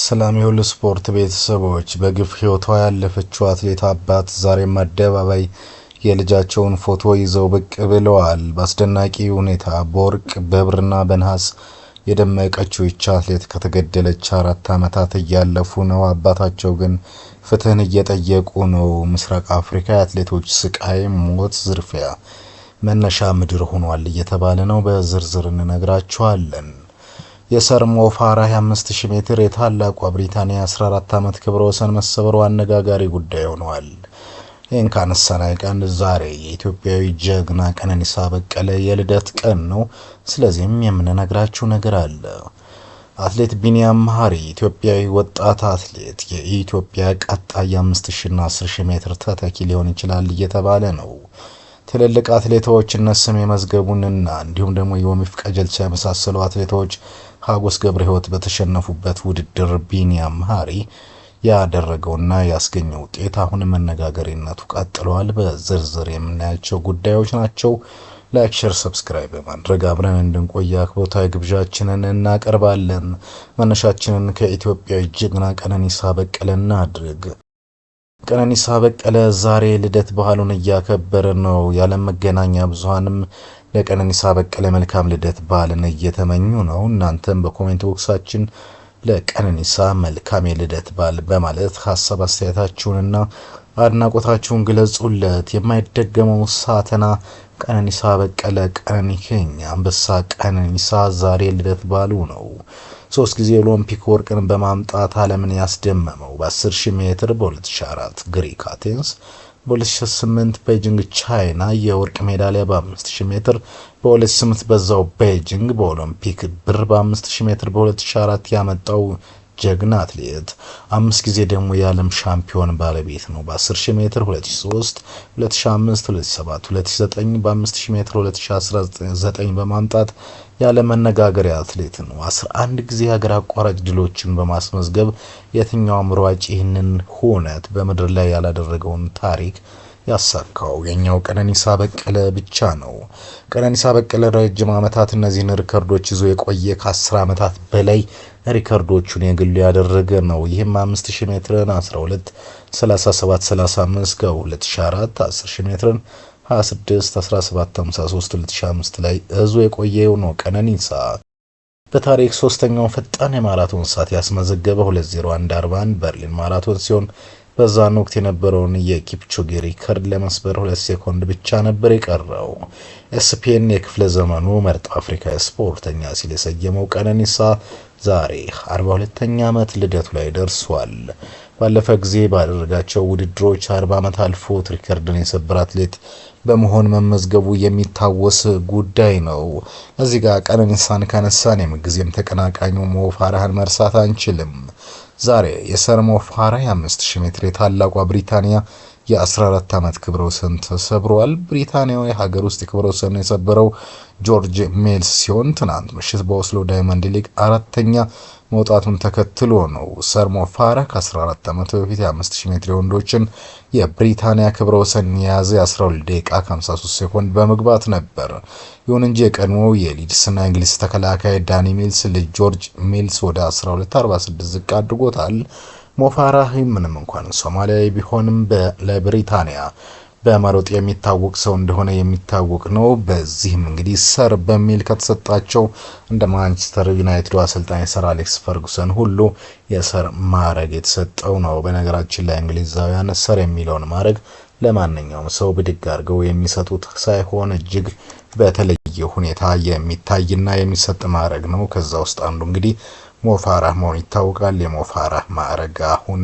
ሰላም የሁሉ ስፖርት ቤተሰቦች። በግፍ ህይወቷ ያለፈችው አትሌት አባት ዛሬም አደባባይ የልጃቸውን ፎቶ ይዘው ብቅ ብለዋል። በአስደናቂ ሁኔታ በወርቅ በብርና በነሐስ የደመቀችው ይቺ አትሌት ከተገደለች አራት ዓመታት እያለፉ ነው። አባታቸው ግን ፍትህን እየጠየቁ ነው። ምስራቅ አፍሪካ የአትሌቶች ስቃይ፣ ሞት፣ ዝርፊያ መነሻ ምድር ሆኗል እየተባለ ነው። በዝርዝር እንነግራችኋለን። የሰርሞ ፋራ 25000 ሜትር የታላቋ ብሪታንያ 14 ዓመት ክብረ ወሰን መሰበሩ አነጋጋሪ ጉዳይ ሆኗል። ይህን ካነሳን ቀን ዛሬ የኢትዮጵያዊ ጀግና ቀነኒሳ በቀለ የልደት ቀን ነው። ስለዚህም የምንነግራችሁ ነገር አለ። አትሌት ቢኒያም መሀሪ ኢትዮጵያዊ ወጣት አትሌት የኢትዮጵያ ቀጣይ 5000 እና 10000 ሜትር ተተኪ ሊሆን ይችላል እየተባለ ነው። ትልልቅ አትሌቶች እነ ስሜ መዝገቡንና እንዲሁም ደግሞ የወሚፍ ቀጀልቻ የመሳሰሉ አትሌቶች ሀጎስ ገብረ ህይወት በተሸነፉበት ውድድር ቢኒያም ሃሪ ያደረገውና ያስገኘው ውጤት አሁን መነጋገሪነቱ ቀጥለዋል። በዝርዝር የምናያቸው ጉዳዮች ናቸው። ላይክ፣ ሼር፣ ሰብስክራይብ በማድረግ አብረን እንድንቆይ አክብሮታዊ ግብዣችንን እናቀርባለን። መነሻችንን ከኢትዮጵያ ጀግና ቀነኒሳ በቀለ እናድርግ። ቀነኒሳ በቀለ ዛሬ ልደት ባህሉን እያከበረ ነው። የዓለም መገናኛ ብዙሃንም ለቀነኒሳ በቀለ መልካም ልደት በዓልን እየተመኙ ነው። እናንተም በኮሜንት ቦክሳችን ለቀነኒሳ መልካም የልደት በዓል በማለት ሀሳብ አስተያየታችሁንና አድናቆታችሁን ግለጹለት። የማይደገመው ሳተና ቀነኒሳ በቀለ ቀነኒከኝ አንበሳ ቀነኒሳ ዛሬ ልደት በዓሉ ነው። ሶስት ጊዜ ኦሎምፒክ ወርቅን በማምጣት ዓለምን ያስደመመው በ10 ሺህ ሜትር በ2004 ግሪክ አቴንስ በ2008 ቤጂንግ ቻይና የወርቅ ሜዳሊያ በ5000 ሜትር፣ በ2008 በዛው ቤጂንግ በኦሎምፒክ ብር በ5000 ሜትር በ2004 ያመጣው ጀግና አትሌት፣ አምስት ጊዜ ደግሞ የዓለም ሻምፒዮን ባለቤት ነው። በ10000 ሜትር 2003፣ 2005፣ 2007፣ 2009 በ5000 ሜትር 2019 በማምጣት መነጋገሪያ አትሌት ነው። 11 ጊዜ ሀገር አቋራጭ ድሎችን በማስመዝገብ የትኛውም ሯጭ ይህንን ሁነት በምድር ላይ ያላደረገውን ታሪክ ያሳካው የኛው ቀነኒሳ በቀለ ብቻ ነው። ቀነኒሳ በቀለ ረጅም ዓመታት እነዚህን ሪከርዶች ይዞ የቆየ ከአስር ዓመታት በላይ ሪከርዶቹን የግሉ ያደረገ ነው። ይህም 5000 ሜትርን 12 37 35 ከ2004 10000 ሜትርን 26 17 53 2005 ላይ እዞ የቆየው ነው። ቀነኒሳ በታሪክ ሶስተኛው ፈጣን የማራቶን ሰዓት ያስመዘገበ 2:01:41 በርሊን ማራቶን ሲሆን በዛን ወቅት የነበረውን የኪፕቾጌ ሪከርድ ለመስበር ሁለት ሴኮንድ ብቻ ነበር የቀረው። ስፔን የክፍለ ዘመኑ ምርጥ አፍሪካዊ ስፖርተኛ ሲል የሰየመው ቀነኒሳ ዛሬ 42ኛ ዓመት ልደቱ ላይ ደርሷል። ባለፈ ጊዜ ባደረጋቸው ውድድሮች 40 ዓመት አልፎ ሪከርድን የሰበረ አትሌት በመሆን መመዝገቡ የሚታወስ ጉዳይ ነው። እዚህ ጋር ቀነኒሳን ካነሳን የምንጊዜም ተቀናቃኙ ሞ ፋራህን መርሳት አንችልም። ዛሬ የሰርሞ ፋራ የ5000 ሜትር የታላቋ ብሪታንያ የ14 ዓመት ክብረ ወሰን ተሰብሯል። ብሪታንያው የሀገር ውስጥ የክብረ ወሰን የሰበረው ጆርጅ ሜልስ ሲሆን ትናንት ምሽት በኦስሎ ዳይመንድ ሊግ አራተኛ መውጣቱን ተከትሎ ነው ሰርሞ ሞፋራ ከ14 ዓመት በፊት የ5000 ሜትር የወንዶችን የብሪታንያ ክብረ ወሰን የያዘ 12 ደቂቃ 53 ሴኮንድ በመግባት ነበር። ይሁን እንጂ የቀድሞው የሊድስና እንግሊዝ ተከላካይ ዳኒ ሚልስ ልጅ ጆርጅ ሚልስ ወደ 1246 ዝቅ አድርጎታል። ሞፋራ ምንም እንኳን ሶማሊያዊ ቢሆንም ለብሪታንያ በመሮጥ የሚታወቅ ሰው እንደሆነ የሚታወቅ ነው። በዚህም እንግዲህ ሰር በሚል ከተሰጣቸው እንደ ማንቸስተር ዩናይትድ አሰልጣኝ ሰር አሌክስ ፈርጉሰን ሁሉ የሰር ማዕረግ የተሰጠው ነው። በነገራችን ላይ እንግሊዛውያን ሰር የሚለውን ማዕረግ ለማንኛውም ሰው ብድግ አድርገው የሚሰጡት ሳይሆን እጅግ በተለየ ሁኔታ የሚታይና የሚሰጥ ማዕረግ ነው። ከዛ ውስጥ አንዱ እንግዲህ ሞፋራህ መሆኑ ይታወቃል። የሞፋራህ ማዕረግ አሁን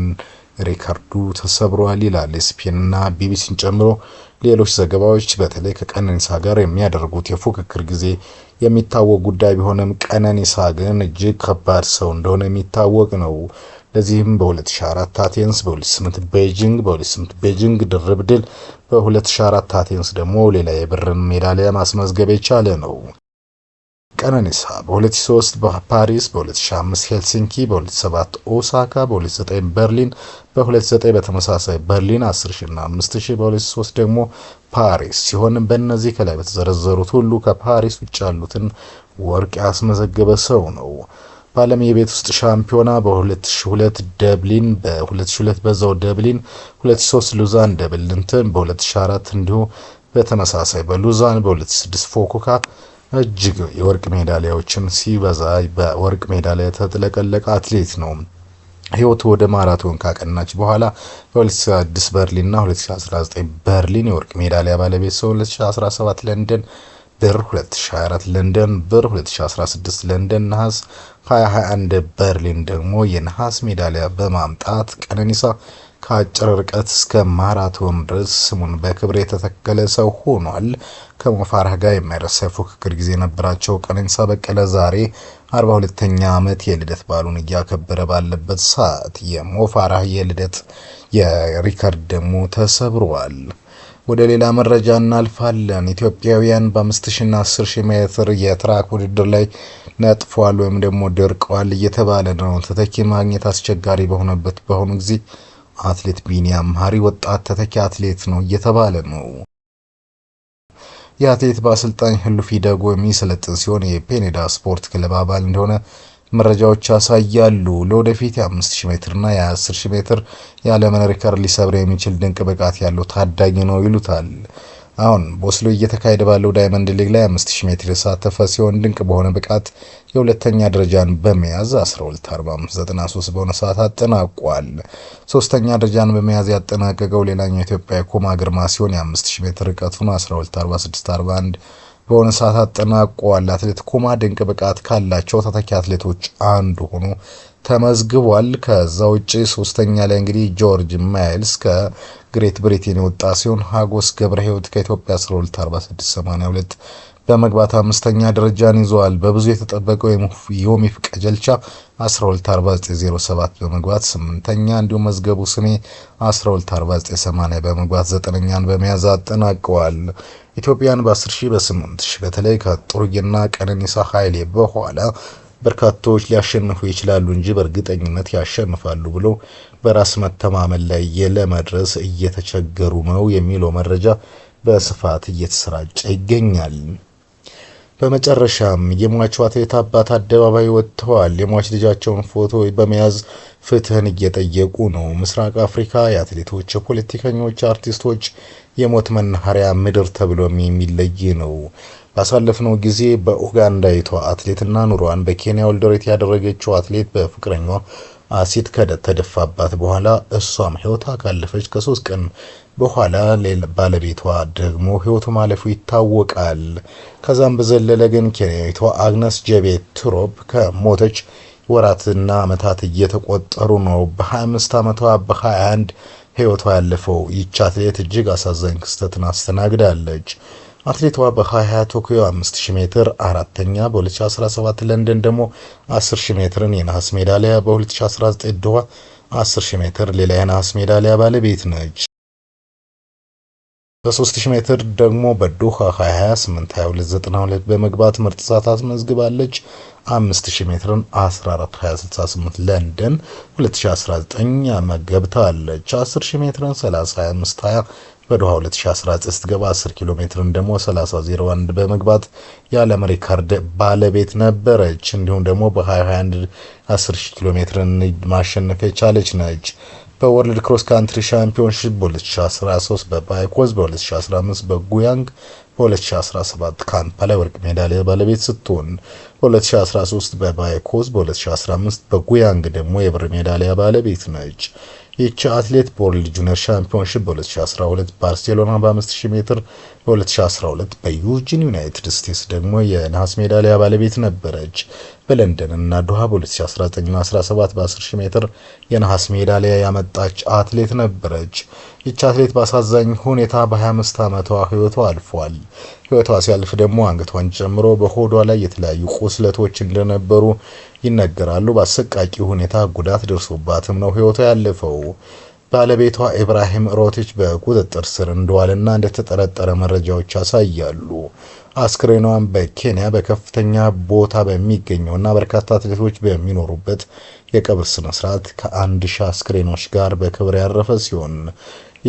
ሪካርዱ ተሰብሯል ይላል ኤስፒንና ቢቢሲን ጨምሮ ሌሎች ዘገባዎች። በተለይ ከቀነኒሳ ጋር የሚያደርጉት የፉክክር ጊዜ የሚታወቅ ጉዳይ ቢሆንም ቀነኒሳ ግን እጅግ ከባድ ሰው እንደሆነ የሚታወቅ ነው። ለዚህም በ2004 አቴንስ፣ በ2008 ቤጂንግ፣ በ2008 ቤጂንግ ድርብ ድል፣ በ2004 አቴንስ ደግሞ ሌላ የብርን ሜዳሊያ ማስመዝገብ የቻለ ነው። ቀነኒሳ በ2003 ፓሪስ፣ በ2005 ሄልሲንኪ፣ በ2007 ኦሳካ፣ በ2009 በርሊን፣ በ2009 በተመሳሳይ በርሊን 10,000 እና 5,000 በ2003 ደግሞ ፓሪስ ሲሆን በእነዚህ ከላይ በተዘረዘሩት ሁሉ ከፓሪስ ውጭ ያሉትን ወርቅ ያስመዘገበ ሰው ነው። በዓለም የቤት ውስጥ ሻምፒዮና በ2002 ደብሊን በ2002 በዛው ደብሊን 2003 ሉዛን ደብልንትን በ2004 እንዲሁ በተመሳሳይ በሉዛን በ2006 ፎኮካ እጅግ የወርቅ ሜዳሊያዎችን ሲበዛ በወርቅ ሜዳሊያ የተጥለቀለቀ አትሌት ነው። ህይወቱ ወደ ማራቶን ካቀናች በኋላ በ2016 በርሊን 2019 በርሊን የወርቅ ሜዳሊያ ባለቤት ሰው 2017 ለንደን ብር 2024 ለንደን ብር 2016 ለንደን ነሐስ 2021 በርሊን ደግሞ የነሐስ ሜዳሊያ በማምጣት ቀነኒሳ ከአጭር ርቀት እስከ ማራቶን ድረስ ስሙን በክብር የተተከለ ሰው ሆኗል። ከሞፋራህ ጋር የማይረሳ ፉክክር ጊዜ የነበራቸው ቀነኒሳ በቀለ ዛሬ 42ኛ ዓመት የልደት በዓሉን እያከበረ ባለበት ሰዓት የሞፋራህ የልደት የሪከርድ ደግሞ ተሰብሯል። ወደ ሌላ መረጃ እናልፋለን። ኢትዮጵያውያን በ5000ና 10000 ሜትር የትራክ ውድድር ላይ ነጥፏል ወይም ደግሞ ደርቀዋል እየተባለ ነው። ተተኪ ማግኘት አስቸጋሪ በሆነበት በአሁኑ ጊዜ አትሌት ቢኒያም መሀሪ ወጣት ተተኪ አትሌት ነው እየተባለ ነው። የአትሌት በአሰልጣኝ ህሉፊ ደጎ የሚሰለጥን ሲሆን የፔኔዳ ስፖርት ክለብ አባል እንደሆነ መረጃዎች ያሳያሉ። ለወደፊት የ5000 ሜትርና የ10000 ሜትር የዓለምን ሪከርድ ሊሰብር የሚችል ድንቅ ብቃት ያለው ታዳጊ ነው ይሉታል። አሁን ቦስሎ እየተካሄደ ባለው ዳይመንድ ሊግ ላይ 5000 ሜትር የተሳተፈ ሲሆን ድንቅ በሆነ ብቃት የሁለተኛ ደረጃን በመያዝ 12:45:93 በሆነ ሰዓት አጠናቋል። ሶስተኛ ደረጃን በመያዝ ያጠናቀቀው ሌላኛው ኢትዮጵያ ኩማ ግርማ ሲሆን የ5000 ሜትር ርቀቱን 12:46:41 በሆነ ሰዓት አጠናቋል። አትሌት ኩማ ድንቅ ብቃት ካላቸው ተተኪ አትሌቶች አንዱ ሆኖ ተመዝግቧል። ከዛ ውጭ ሶስተኛ ላይ እንግዲህ ጆርጅ ማይልስ ከግሬት ብሪቴን የወጣ ሲሆን ሀጎስ ገብረ ህይወት ከኢትዮጵያ 124682 በመግባት አምስተኛ ደረጃን ይዘዋል። በብዙ የተጠበቀው ዮሚፍ ቀጀልቻ 124907 በመግባት ስምንተኛ፣ እንዲሁም መዝገቡ ስሜ 124980 በመግባት ዘጠነኛን በመያዝ አጠናቀዋል። ኢትዮጵያን በ10 ሺ በ8 በተለይ ከጥሩዬና ቀነኒሳ ኃይሌ በኋላ በርካቶች ሊያሸንፉ ይችላሉ እንጂ በእርግጠኝነት ያሸንፋሉ ብሎ በራስ መተማመን ላይ የለመድረስ እየተቸገሩ ነው የሚለው መረጃ በስፋት እየተሰራጨ ይገኛል። በመጨረሻም የሟቹ አትሌት አባት አደባባይ ወጥተዋል። የሟች ልጃቸውን ፎቶ በመያዝ ፍትህን እየጠየቁ ነው። ምስራቅ አፍሪካ የአትሌቶች፣ የፖለቲከኞች፣ አርቲስቶች የሞት መናኸሪያ ምድር ተብሎም የሚለይ ነው። ባሳለፍነው ጊዜ በኡጋንዳዊቷ አትሌትና ኑሯን በኬንያ ወልደሬት ያደረገችው አትሌት በፍቅረኛዋ አሲድ ከተደፋባት በኋላ እሷም ህይወቷ ካለፈች ከሶስት ቀን በኋላ ባለቤቷ ደግሞ ሕይወቱ ማለፉ ይታወቃል። ከዛም በዘለለ ግን ኬንያዊቷ አግነስ ጀቤት ትሮፕ ከሞተች ወራትና ዓመታት እየተቆጠሩ ነው። በ25 ዓመቷ በ21 ሕይወቷ ያለፈው ይቺ አትሌት እጅግ አሳዛኝ ክስተትን አስተናግዳለች። አትሌቷ በ2020 ቶኪዮ 5000 ሜትር አራተኛ፣ በ2017 ለንደን ደግሞ 10000 ሜትርን የነሐስ ሜዳሊያ፣ በ2019 ዶሃ 10000 ሜትር ሌላ የነሐስ ሜዳሊያ ባለቤት ነች። በ3000 ሜትር ደግሞ በዶሃ 2028 2292 በመግባት ምርጥ ሰዓት አስመዝግባለች። 5000 ሜትርን 14268 ለንደን 2019 መገብታለች። 10000 ሜትርን 3025 በዶሃ 2019 ስትገባ 10 ኪሎ ሜትርን ደግሞ 301 በመግባት የዓለም ሪካርድ ባለቤት ነበረች። እንዲሁም ደግሞ በ2021 10 ኪሎ ሜትርን ማሸነፍ የቻለች ነች። በወርልድ ክሮስ ካንትሪ ሻምፒዮንሺፕ በ2013 በባይኮዝ በ2015 በጉያንግ በ2017 ካምፓላ የወርቅ ሜዳሊያ ባለቤት ስትሆን በ2013 በባይኮዝ በ2015 በጉያንግ ደግሞ የብር ሜዳሊያ ባለቤት ነች። ይቺ አትሌት በወርልድ ጁኒየር ሻምፒዮንሺፕ በ2012 ባርሴሎና በ5000 ሜትር በ2012 በዩጂን ዩናይትድ ስቴትስ ደግሞ የነሐስ ሜዳሊያ ባለቤት ነበረች። በለንደን እና ዶሃ በ2019ና 17 በ10000 ሜትር የነሐስ ሜዳሊያ ያመጣች አትሌት ነበረች። ይቺ አትሌት በአሳዛኝ ሁኔታ በ25 ዓመቷ ህይወቷ አልፏል። ሕይወቷ ሲያልፍ ደግሞ አንገቷን ጨምሮ በሆዷ ላይ የተለያዩ ቁስለቶች እንደነበሩ ይነገራሉ። በአሰቃቂ ሁኔታ ጉዳት ደርሶባትም ነው ሕይወቷ ያለፈው። ባለቤቷ ኢብራሂም ሮቲች በቁጥጥር ስር እንደዋለና እንደተጠረጠረ መረጃዎች ያሳያሉ። አስክሬኗን በኬንያ በከፍተኛ ቦታ በሚገኘውና በርካታ አትሌቶች በሚኖሩበት የቀብር ስነ ስርዓት ከአንድ ሺህ አስክሬኖች ጋር በክብር ያረፈ ሲሆን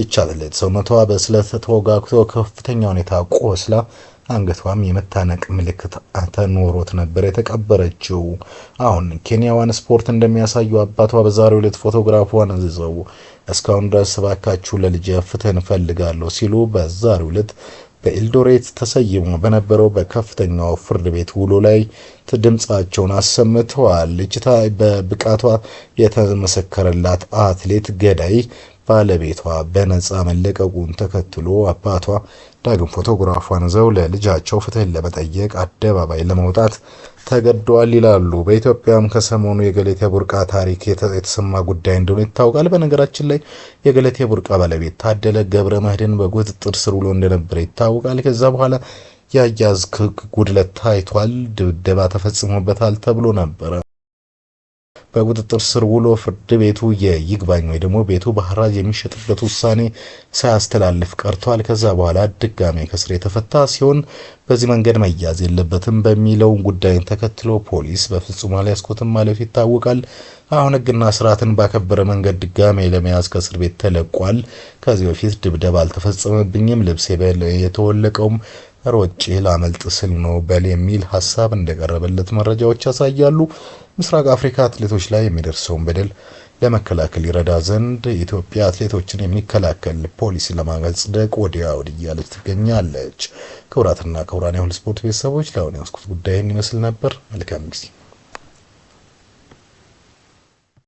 ይቻላል። ሰውነቷ በስለት ተወጋግቶ ከፍተኛ ሁኔታ ቆስላ አንገቷም የመታነቅ ምልክት ተኖሮት ነበር የተቀበረችው። አሁን ኬንያዋን ስፖርት እንደሚያሳዩ አባቷ በዛሬው ዕለት ፎቶግራፏን አዝዘው እስካሁን ድረስ እባካችሁ ለልጄ ፍትህ እንፈልጋለሁ ሲሉ በዛሬው ዕለት በኤልዶሬት ተሰይሞ በነበረው በከፍተኛው ፍርድ ቤት ውሎ ላይ ድምፃቸውን አሰምተዋል። እጅታ በብቃቷ የተመሰከረላት አትሌት ገዳይ ባለቤቷ በነፃ መለቀቁን ተከትሎ አባቷ ዳግም ፎቶግራፏን ዘው ለልጃቸው ፍትህን ለመጠየቅ አደባባይ ለመውጣት ተገደዋል ይላሉ። በኢትዮጵያም ከሰሞኑ የገለቴ ቡርቃ ታሪክ የተሰማ ጉዳይ እንደሆነ ይታወቃል። በነገራችን ላይ የገለቴ ቡርቃ ባለቤት ታደለ ገብረ መድህን በቁጥጥር ስር ውሎ እንደነበረ ይታወቃል። ከዛ በኋላ የአያያዝ ጉድለት ታይቷል፣ ድብደባ ተፈጽሞበታል ተብሎ ነበረ። በቁጥጥር ስር ውሎ ፍርድ ቤቱ የይግባኝ ወይ ደግሞ ቤቱ በሐራጅ የሚሸጥበት ውሳኔ ሳያስተላልፍ ቀርቷል። ከዛ በኋላ ድጋሜ ከስር የተፈታ ሲሆን በዚህ መንገድ መያዝ የለበትም በሚለው ጉዳይን ተከትሎ ፖሊስ በፍጹም አልያዝኩትም ማለቱ ይታወቃል። አሁን ሕግና ስርዓትን ባከበረ መንገድ ድጋሜ ለመያዝ ከእስር ቤት ተለቋል። ከዚህ በፊት ድብደባ አልተፈጸመብኝም፣ ልብስ የተወለቀውም ሮጬ ላመልጥ ስል ነው በል የሚል ሀሳብ እንደቀረበለት መረጃዎች ያሳያሉ። ምስራቅ አፍሪካ አትሌቶች ላይ የሚደርሰውን በደል ለመከላከል ይረዳ ዘንድ የኢትዮጵያ አትሌቶችን የሚከላከል ፖሊሲ ለማጸደቅ ወዲያ ወዲህ እያለች ትገኛለች። ክቡራትና ክቡራን የሁሉ ስፖርት ቤተሰቦች ለአሁን ያስኩት ጉዳይን ይመስል ነበር። መልካም ጊዜ